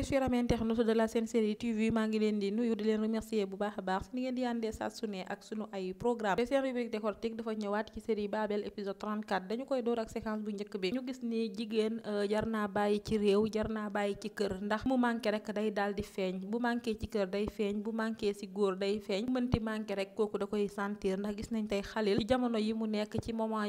les chers internautes de la Sen Série TV maa ngi leen di nuyu di leen remercier bu baax a baax si ni ngeen di yàndee saa su ne ak sunu ay programme te seen rubrique décortique ñëwaat ci série Babel épisode 34 dañu koy door ak séquence bu njëkk bi ñu gis ni jigéen euh, jar naa bàyyi ci réew jar naa bàyyi ci kër ndax mu manqué rek day daal feeñ bu manqué ci góor day feeñ mënti manqué rek kooku da koy sentir ndax gis nañ tey xalil ci jamono yi mu nekk ci moment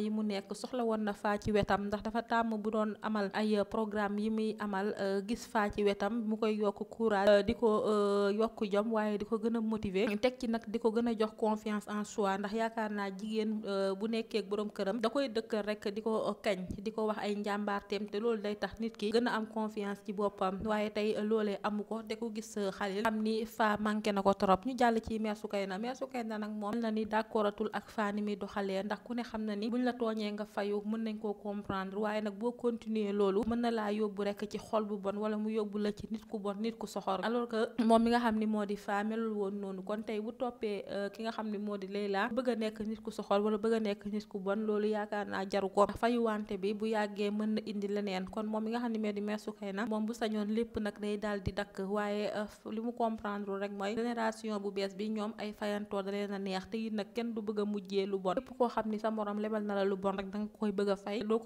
mu koy yokk courage euh, di ko euh, yokk jom waaye di ko gën a motiver teg ci nag di ko gën a jox confiance en soi ndax yaakaar naa jigéen euh, bu nekkee boroom këram da koy dëkkal rek di ko kañ di ko wax ay njàmbaarteem te loolu day tax nit ki gën a am confiance ci boppam waaye tey loole amu ko te ku gis xalil am ni faa manqué na ko trop ñu jàll ci na Soukeyna Mère Soukeyna nag moom na ni d'accordatul ak faa ni muy doxalee ndax ku ne xam na ni buñ la tooñee nga fayu mën nañ koo comprendre waaye nag boo continuer loolu mën na laa rek ci xol wala mu yóbbu la ci nit ku bon nit ku soxor alors que moom mi nga xam ni moo di faa melul woon noonu kon tey bu toppee euh, ki nga xam ni moo di Layla bëgg a nekk nit ku soxor wala bëgg a nekk nit ku bon loolu yaakaar naa jaru ko fayuwante bi bu yàggee mën na indi leneen kon moom mi nga xam ni moo di Mère Soukeyna moom bu sañoon lépp nag day daal dakk waaye euh, li mu comprendre rek mooy génération bu bees bi ñoom ay fayantoo da leen a neex te it nag kenn du bëgg a mujjee lu bon lépp koo xam ni sa na la lu da nga koy a fay doo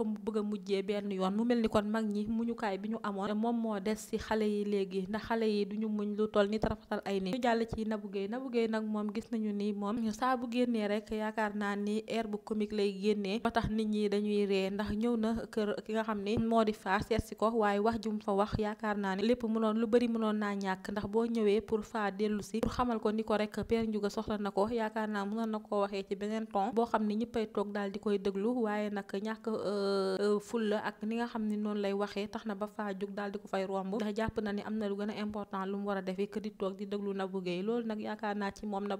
a yi léegi ndax xale yi duñu muñ lu toll ni tarafatal ay nit ñu jàll ci Nabou Gueye Nabou nag moom gis nañu ni moom saa bu génnee rek yaakaar naa ni air bu comique lay génnee ba tax nit ñi dañuy ree ndax ñëw na kër ki nga xam ne moo di faa seet si ko waaye wax jum fa wax yaakaar naa ni lépp mënoon lu bëri mënoon naa ñàkk ndax boo ñëwee pour faa dellu si pour xamal ko ni ko rek Père Ndiouga soxla na ko yaakaar naa mënoon na ko waxee ci beneen ton boo xam ne ñëppay toog daal di koy déglu waaye nag ñàkk euh, euh, fulla ak ni nga xam ne noonu lay waxee tax na ba na ni am na lu gën a a defee que di toog di déglu Nabou Guèye loolu nag yaakaar naa ci moom a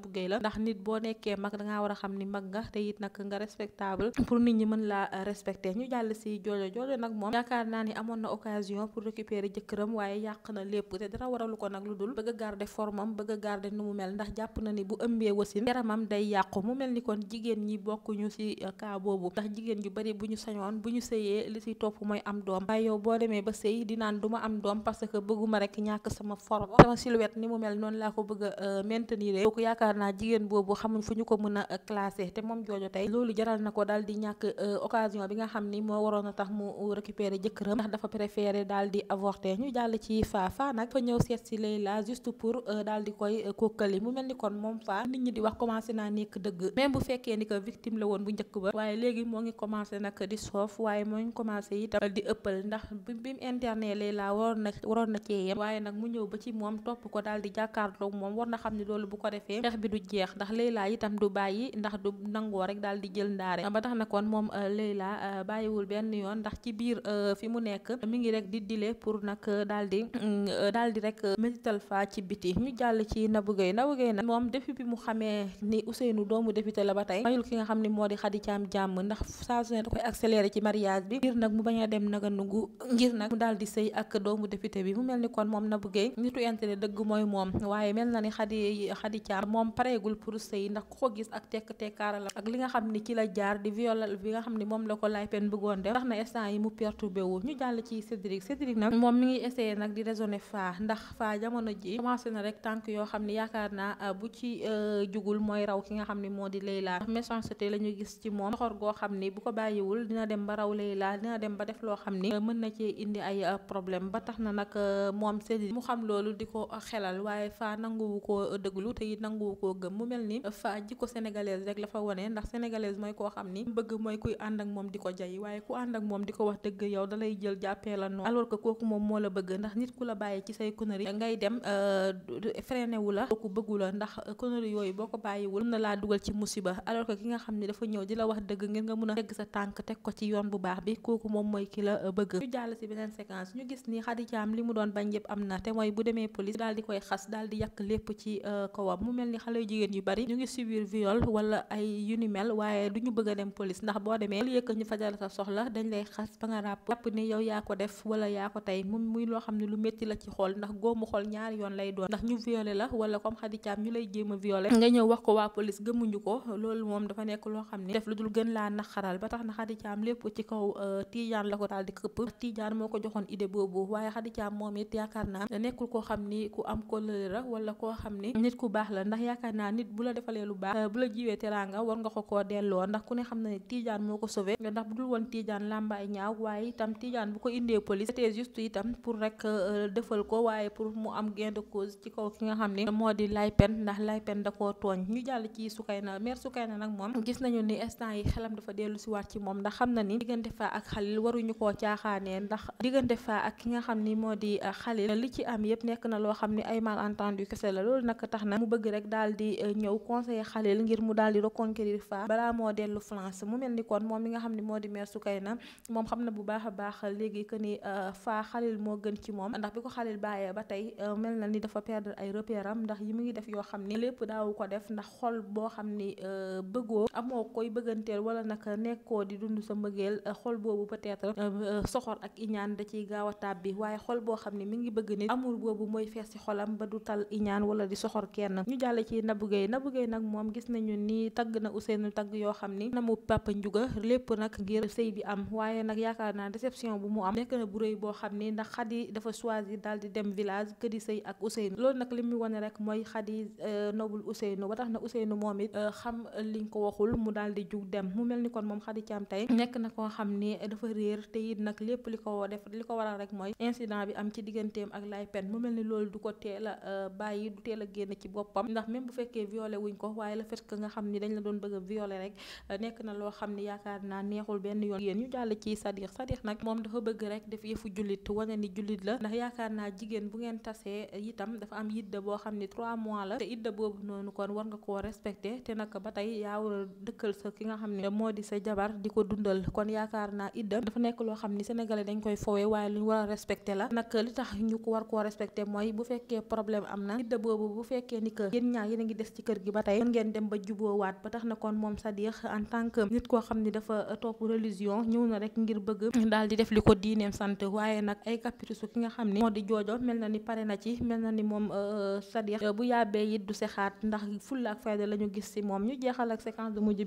xam ni mag nga te it nag nga respectable pour euh, ñu jàll si joojo joojo nag moom yaakaar naa ni amoon na occasion pour récupérer jëkkëram waaye yàq na lépp te dara waralu ko nag lu dul bëgg a garder formam bëgg a garder nu mu mel ndax jàpp na ni bu ëmbee wasin yaramam day yàqu mu mel ni kon jigéen ñi bokkuñu si euh, cas boobu ndax jigéen ju bari bu ñu sañoon bu ñu sëyee li si topp mooy am doom waaye yow boo demee ba sëy di naan am doom parce que bëgguma rek ñàkk sama forme oh. sama silhouette ni mu mel noonu laa ko bëgg a euh, maintenir yaakaar naa jigéen boobu xamuñ fu ñu ko mën a euh, te moom joojo tey loolu jaral na ko daal di ñàkk euh, occasion bi nga xam ni moo waroon a tax mu récupérer jëkkëram ndax dafa préféré daal di avorter ñu jàll ci faa fa ñëw seet si Leila juste pour daal di koy kokkali mu mel ni kon moom faa nit ñi di wax commencé naa nekk dëgg même bu fekkee ni que victime la woon bu njëkk ba waaye léegi moo ngi commencé nag di soof waaye moo ngi commencé itam di ëppal ndax bi mu na cee yem waaye nag mu ñëw ba ci moom topp ko daal di jàkkaarloog moom war na xam ne loolu bu ko defee xeex bi du jeex ndax Leyla itam du bàyyi ndax du nangoo rek daal di jël ndaare ba tax na kon moom euh, Leyla euh, bàyyiwul benn yoon ndax ci biir euh, fi mu nekk mi ngi rek di dile pour nag daal di daal di rek métital fa ci biti ñu jàll ci Nabou Gueye Nabou moom depuis bi mu xamee ni Ousseynou doomu député la ba tey mayul ki nga xam ni moo di Khady Thiam jàmm ndax saa su ne da koy ci mariage bi ngir nag mu bañ a dem naga nugu ngir nag mu daal sëy ak doomu député bi mel ni kon moom Nabou Guèye nitu intérêt dëgg mooy moom waaye mel na ni Khady Khady Thiam moom pareegul pour sëy ndax ku ko gis ak tekk tekkaara la ak li nga xam ni ci la jaar di violal bi nga xam ni moom la ko lay pen bëggoon def tax na instant yi mu perturbé ñu jàll ci Cédric Cédric nag moom mi ngi essayé nag di raisonner faa ndax faa jamono ji commencé na rek tànk yoo xam ni yaakaar naa euh, bu ci euh, jugul mooy raw ki nga xam ni moo di Leyla la ñu gis ci moom goo xam ni bu ko bàyyiwul dina dem ba raw Leyla dina dem ba def loo xam ni euh, mën na moom Sely mu xam loolu di ko xelal waaye faa nanguwu koo dëglu te it nanguwu koo gëm mu mel ni faa jikko sénégalaise rek la fa wane ndax sénégalaise mooy koo xam ni bëgg mooy kuy ànd moom di ko jay waaye ku ànd ak moom di ko wax dëgg yow da lay jël jàppee la noonu alors kooku moom moo la bëgg ndax nit ku la bàyyi ci say conneries ngay dem euh, freiné wu la kooku ndax conneries yooyu boo ko bàyyiwul mën na laa dugal ci musiba alors que ki nga xam ni dafa ñëw di la wax dëgg ngir nga mun a tegg sa tànk teg ko ci yoon bu baax bi kooku moom mooy ki la bëgg ñu jàll si beneen séquence ñu gis ni Khady li mu doon doon bañ yëpp am na te mooy bu demee police daal di koy xas daal di yàq lépp ci euh, kawam mu mel ni xale jigéen yu bari ñu ngi subir viol wala ay yu ni mel waaye du ñu bëgg a dem police ndax boo demee yow yaa ko def wala yaa ko tey mu muy loo xam ne lu métti la ci xool ndax góomu xool ñaari yoon lay doon ndax ñu violé la wala comme Khady Thiam ñu lay jéem a violé nga ñëw wax ko waa police gëmuñu ko loolu moom dafa nekk loo xam ne def lu dul gën laa naxaral ba tax na Khady Thiam lépp ci kaw euh, Tidiane la ko daal di moom it yaakaar naa nekkul koo xam ni ku am kóllëre la wala koo xam ni nit ku baax la ndax yaakaar naa nit bu la defalee lu baax euh, bu la jiwee teraanga war nga ko koo delloo ndax ku ne xam na ne Tidiane moo ko sauvé ndax bu dul woon Tidiane làmbaay ñaaw waaye itam Tidiane bu ko indee police c'était juste itam pour rek euh, defal ko waaye pour mu am gain de cause ci kaw ki nga xam ni moo di laypen ndax laypen da koo tooñ ñu jàll ci Soukeyna mère Soukeyna nag moom gis nañu na ni diggante fa ak Khalil waruñu koo caaxaanee ndax diggante fa ak ki nga xam Khalil li ci am yëpp nekk na loo xam ni ay malentendu kese la loolu nag tax na mu bëgg rek daal di euh, ñëw conseiller Khalil ngir mu daal di reconquérir Fa balaa moo dellu France mu mel ni kon moom mi nga xam ne moo di maire Soukeyna moom xam na bu baax a baax léegi que ni euh, Fa Khalil moo gën ci moom ndax bi ko Khalil bàyyee ba tey euh, mel na ni dafa perdre ay repère am ndax yi mu ngi def yoo xam ni lépp daawu ko def ndax xol boo xam ni bëggoo amoo nekkoo di dund sa mbëggeel xol boobu peut-être soxor ak iñaan a xam ne mi ngi bëgg nit amour boobu mooy fees ci xolam ba du tal iñaan wala di soxor kenn ñu jàll ci Nabou Gueye Nabou Gueye nag moom gis yoo xam ni na mu papa njuga lépp nag ngir sëy bi am waaye nag yaakaar naa déception bu mu am nekk na bu rëy boo xam ni ndax Khady dafa choisir daal di dem village kër di sëy ak Ousseynou loolu nag li muy wane rek mooy Khady euh, nobul Ousseynou ba tax na Ousseynou moom it euh, xam liñ ko waxul mu daal di jug dem mu mel ni kon moom Khady Thiam tey nekk na koo xam ni dafa réer te it nag lépp li ko def li ko waral rek mooy incident bi am ci digganteem ak Laye pen mu mel ni loolu du ko teel a euh, bàyyi du teel a génn ci boppam ndax même bu fekkee violé wuñ ko waaye le fait nga xam ni dañ la doon bëgg a rek euh, nekk na loo xam ni yaakaar naa neexul benn yoon yéen ñu jàll ci Sadikh Sadikh nag moom dafa bëgg rek def yëfu jullit wane ni jullit la ndax yaakaar naa jigéen bu ngeen tasee euh, itam dafa am idda boo xam ni trois mois la te boobu noonu kon war nga koo respecté te ba tey yaa war sa ki nga xam ne moo di sa jabar di ko dundal kon yaakaar naa idda dafa nekk loo xam ni sénégalais dañ koy fowee waaye lu ñu war a respecté la nag li tax ñu ko war koo respecté mooy bu fekkee problème am na nit boobu bu fekkee ni a ngi des ci kër gi ba tey mën ngeen dem ba euh, di def li ko diineem ni moo di joojo mel na ni pare na ci mel na euh, euh, ndax fulla ak fayda la ñu gis si moom ñu jeexal ak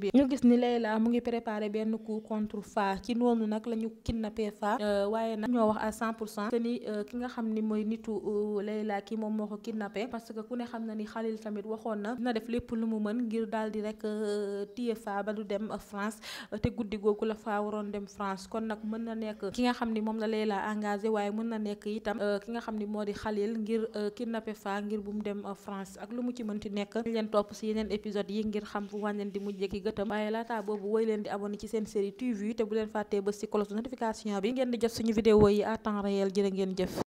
bi ñu gis ni Layla mu ngi préparé benn coup contre Fa ci noonu nag la ñu kidnappé waaye nag ñoo wax à cent pour cent ni ki nga xam ni mooy nitu euh, Layla ki moom moo ko kidnappé parce que ku ne xam na ni Khalil tamit waxoon na na def lépp lu mu mën ngir daal di rek euh, téye faa ba du dem France te guddi googu la faa waroon dem France kon nag mën na nekk ki nga xam ni moom la Layla engagé waaye mën na nekk itam euh, ki nga xam ni moo di Khalil ngir kidnappé faa ngir bu mu dem France ak lu mu ci mënti nekk leen topp si yeneen épisodes yi ngir xam fu wàññi leen di mujjee ki gëtam waaye laata boobu woy leen di abonné ci seen série TV te bu leen fàttee ba si cloche notification bi ngeen di jot suñu yi à temps ngeen jëf